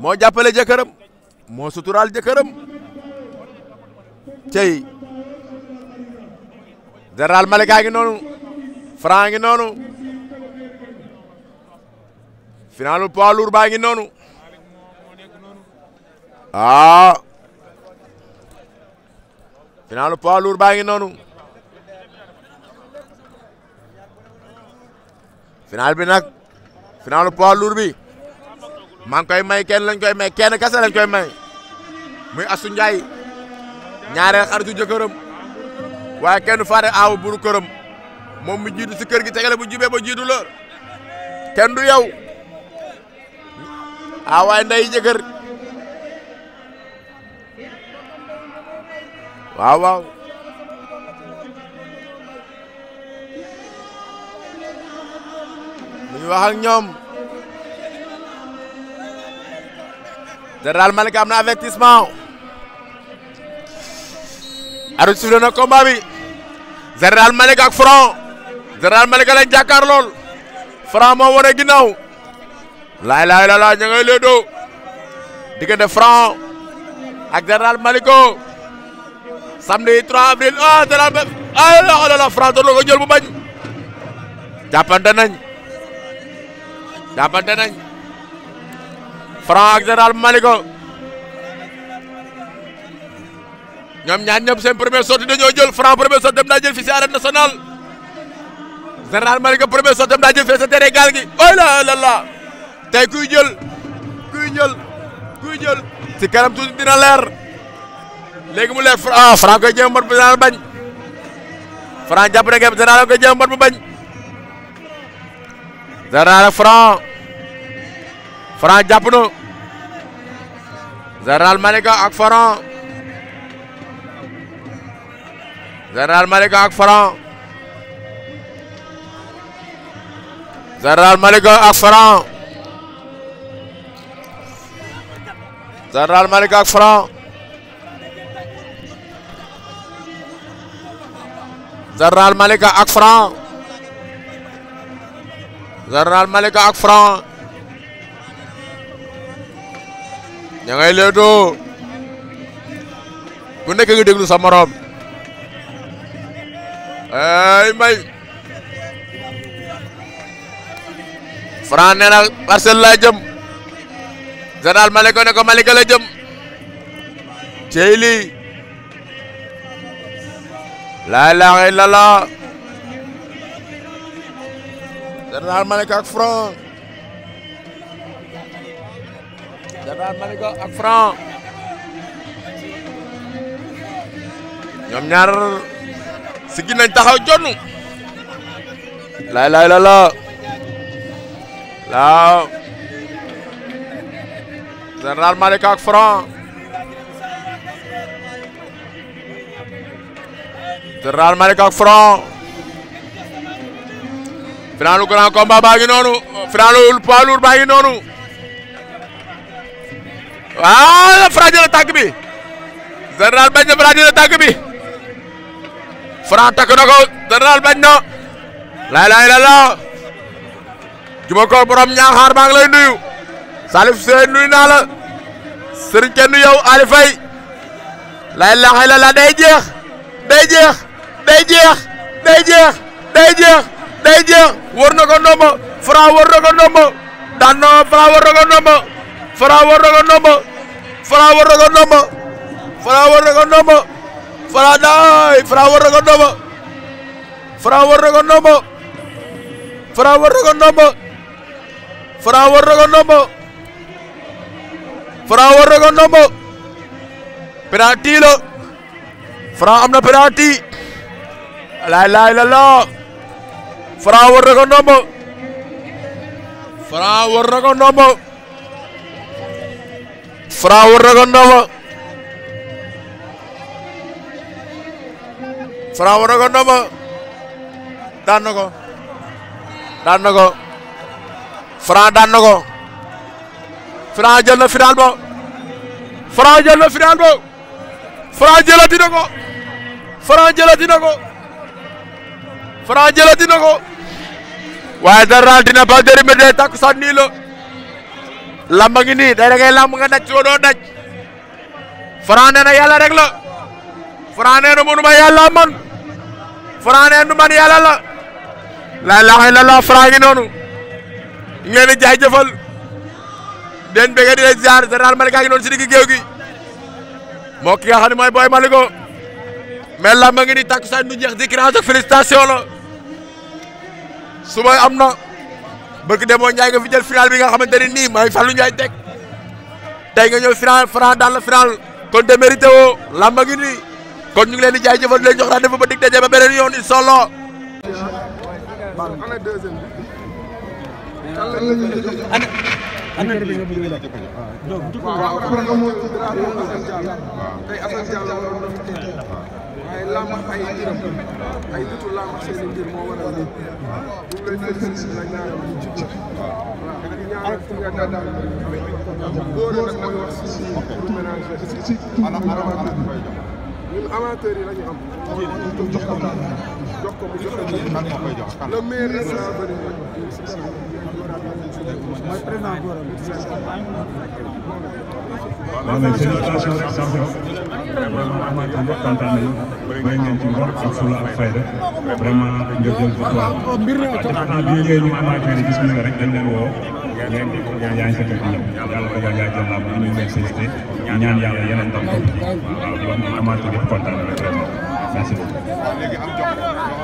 moo jàppale jëkkëram moo suturaal jëkkëram cey général Malika ngi noonu Franc ngi noonu finalu poids baa ngi noonu ah finalu poids lourd baa ngi noonu ah. final bi nag finalu poids lourd bi maa koy may kenn lañ koy may kenn kese lañ koy may muy Assou Ndiaye ñaareel xaritu jëkkëram waaye kenn faare aaw buru këram moom mu jiitu si kër gi tegale bu jubee ba jiitu la kenn du yow ah waaye nday jëkkër waaw waaw mu ngi wax ñoom te daal Malika am na avertissement arbitre sifflé na combat bi Général Malika Général Malika lañ jàkkaar lool Franc moo wane ginnaaw laay laay la laa ña ngay léedoo diggante Franc ak Général Malika samedi 3 avril ay ah, la ah, oh la oh Franc doon ko jël bu bañ jàppante nañ jàppante nañ Franc ak Général Malika ñoom ñaar ñëpp seen premier sortie dañoo jël Franc premier sortie dem naa jël fii si arène général Malika premier sottam daa jël fee sa tere gaal gi oh la la la tey kuy jël kuy jël kuy jël si kanam tuuti dina leer léegi mu leer ah Franc koy jéem mot bu bañ Franc jàpp na ngeen koy jéem mot bu bañ général Franc Franc jàpp na général ak Franc Général Malika ak Franc Général Malika ak Franc Général Malika ak Franc Général Malika ak Franc ña ngay leetoo ku nekk nga déglu sa morom may Franc nee na parcelle laa jëm ne ko Malika la jëm cey lii laa ak Franc général Malika ak Franc ñoom ñaar siggi nañ taxaw jonnu laa waaw général Malika ak Franc général Malika ak Franc finalu grand combat baa ngi noonu finalu poids lourd baa ngi noonu waaw Franc jël tànk bi général na Franc jël tànk bi Franc ko général bañ na lay lay la juba ko borom ñaaxaar maa ngi lay nuyu Salif Seye nuyu naa la sëriñ kenn yow Ali Faye lay laxay la la day jeex day jeex day jeex day jeex day jeex day jeex war na ko ndomba Franc war na ko ndomba daan na Franc war na ko ndomba Franc war na ko ndomba Franc war na ko ndomba Franc war na ko ndomba Franc daay Franc war na ko ndomba Franc war na ko ndomba Franc war na ko ndomba Franc war na ko ndombo Franc war na ko ndombo penalty la Franc am na penalty laay laay la la Franc war na ko ndombo Franc war na ko ndombo Franc war na ko ndombo Franc war na ko ndombo daan na ko daan na ko Franc daan na ko Franc jël na final ba Franc jël na final ba Franc jëlati na ko Franc jëlati na ko Franc jëlati waaye dara dina ba jëriñ ba dee takku sax la lamba ngi nii day da ngay lamb nga daj soo doo daj Franc nee na yàlla rek la Franc nee na mënuma yàlla man Franc nee nu man yàlla la la ilaha illallah Franc ngi ñu ngi leen di jaajëfal den bëgg di leen ziar général Malika ngi noonu si moo ki nga xam ne mooy Boy Maliko mais làmb ngi ni takkusaan du jeex dikrage ak félicitation la suba am na bëgg demoo Ndiaye nga fi jël bi nga xamante ne nii mooy Fallou Ndiaye teg tey nga ñëw final franc dans le final kon démérité woo làmb ngi kon ñu ngi leen di jaajëfal di leen jox rendez-vous ba dig daje ba beneen ana bi nga bëgg la do bu ko waaw xam nga mooy drapeau Assane Diallo tey Assane Diallo la doon tey waaye lamb ay mbiram ay dutu lamb seen mbir moo waral lii bu ngeen di seen si nag ñaar ñu ci ci ñaar fu nga da daal góor nag mooy wax si pour ménager si si ana ana ñun amateurs yi la ñu am jox ko jox ko bu jox ko le maire waaw mais félicitations vraiment Amath ñëpp kontaan nañu ngeen ci ngor ak fulla ak ngeen jël victoire waaw bii ngay ñu Amath yi gis nga rek dañ leen woo ngeen di yaa ngi sa kër gi yàlla ko yaa jël laa bu ñu leen ñaan yàlla yeneen tam topp ci waaw Amath ñëpp kontaan na vraiment merci beaucoup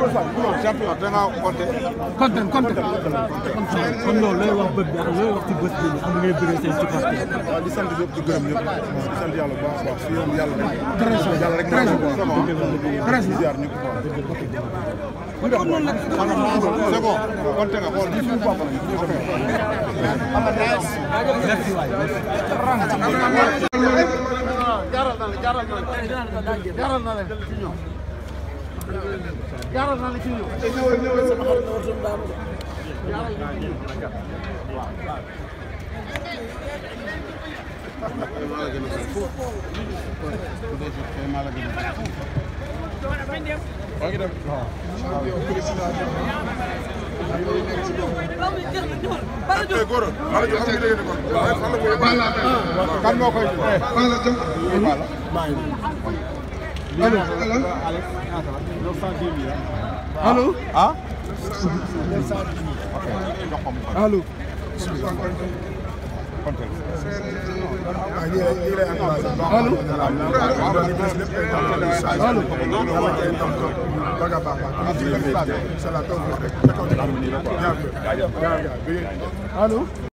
kontaan kontaan kon loolu looy wax bët bi ak looy wax ci bët bi ak ngay bëree seen supporter waaw di sant ñëpp di gërëm ñëpp di sant yàlla bu baax a baax si yoon yàlla rek yàlla rek très bien ziar ñëpp ko jaral na la jaral na la jaral na la jaaral naa la ci ñëw. sama xarit na woon daanu jaaral naa la ci ñëw. waaw waaw. allo. ah. allo. allo. allo.